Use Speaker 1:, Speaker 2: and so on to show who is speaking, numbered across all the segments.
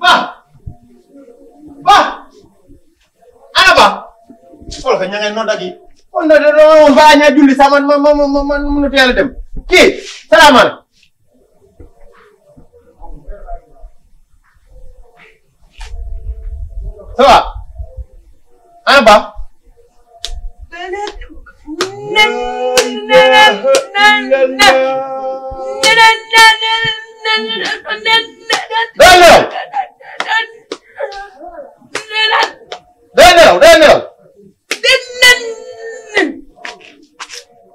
Speaker 1: Ba! Ba! Ana ba? Wala ka ñangay nodda gi. Kon da do ba ñaa julli sa man man man man mënu dem. Ki, salaamaaleykum. Ça va? Ana ba? Nen day nelaw day nelaw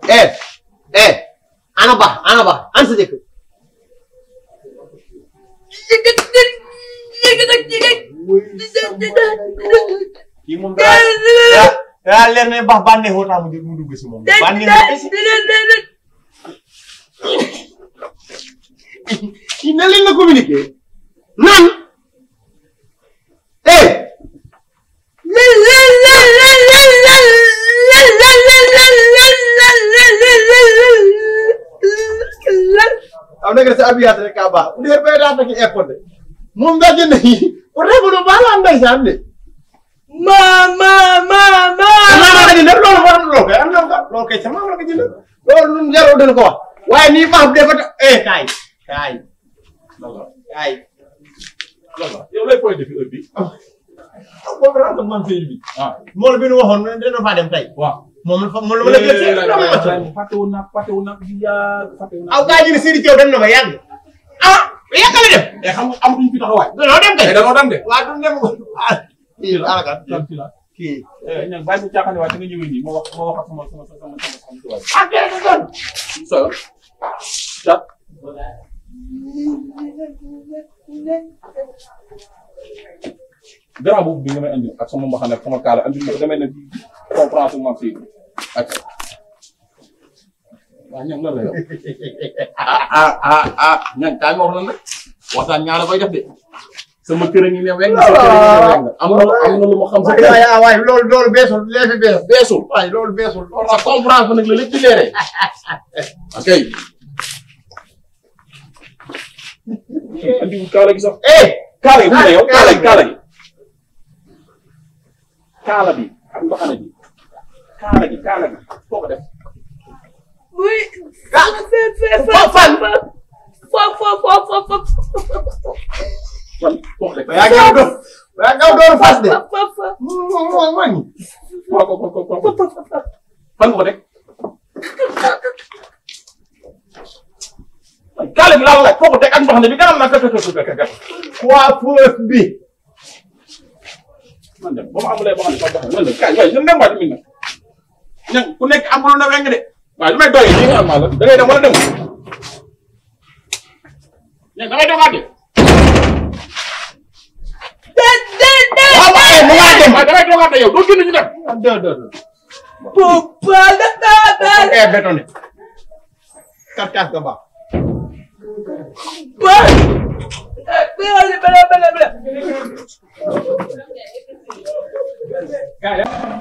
Speaker 1: day eh, eh, ba ana ba man eh lan lan lan lan lan lan lan lan lan lan lan am na nga sa abiyaat rek ka baax bu dee bay daa takk airport de moom mbedd na yi pour rek lu baax la ndeysaan de ma ma ma ma ma ka jëndal loolu war loolu kay am na ko loolu kay sama ma ka jëndal loolu lu jaroo dañ ko wax waaye nii baax bu dee ba eh kaay kaay kaay yow lay point de fi heure bi boo ko raadu man bi. waaw mool bi nu waxoon dina faa dem tey. waaw moom la moom la ma la gën a. dama ma ca fàttewu naa fàttewu naa di yaa fàttewu naa. aw gaa ji ni Serigne Thiaw dem na ma yàgg. ah yàgg la dem. mais xam nga amatuñ fi taxawaay. danoo dem kay danoo dem de. waaw duñ dem ko. kii la alaka kii. ñoom bàyyi bu caaxaan waay te nga ñëwee nii ma wax ma wax ak sama sama sama sama. ah déedéet. garab boobu bi nga may andil ak sama mbaxane ak sama kaala andil ma ko damay ne conférence bu ma fi ak waaw ñoom lan la yow ah ah ah ah ñoom kaay ma wax lan la waxtaan ñaar la koy def de sama kër a ngi ne weng sama kër a ngi ne weng am na am na lu ma xam sa kër waay waay loolu loolu beesul léegi bees beesul waay loolu beesul loolu la conférence ba la lépp di leeree ok kii andiwul kaala gi sax eh kaala gi mu ne yow kaala gi kaala gi kaala bi ak mbaxana bi kaala gi kaala gi foo ko def. muy. ah fan foo foo foo foo foo fan foo ko def. yaa ngi aw doon yaa ngi aw doon fas de. fan nga ko def. kaala gi laa la laaj foo ko teg ak mbaxana bi kanam coiffeuse bi. man de ba ma ma ne ma doxee man de kaay waaye ñun dem waay tamit nag. ña ku nekk amuloo na weng de. waaye lu may nga am la da ngay dem wala dem. ña da ngay demaat de. déet déet déet. waaw waaye mu ngaa dem waaye da ngay demaat de yow doo génn ñu dem. ah déet Cuidado, espera, espera, espera.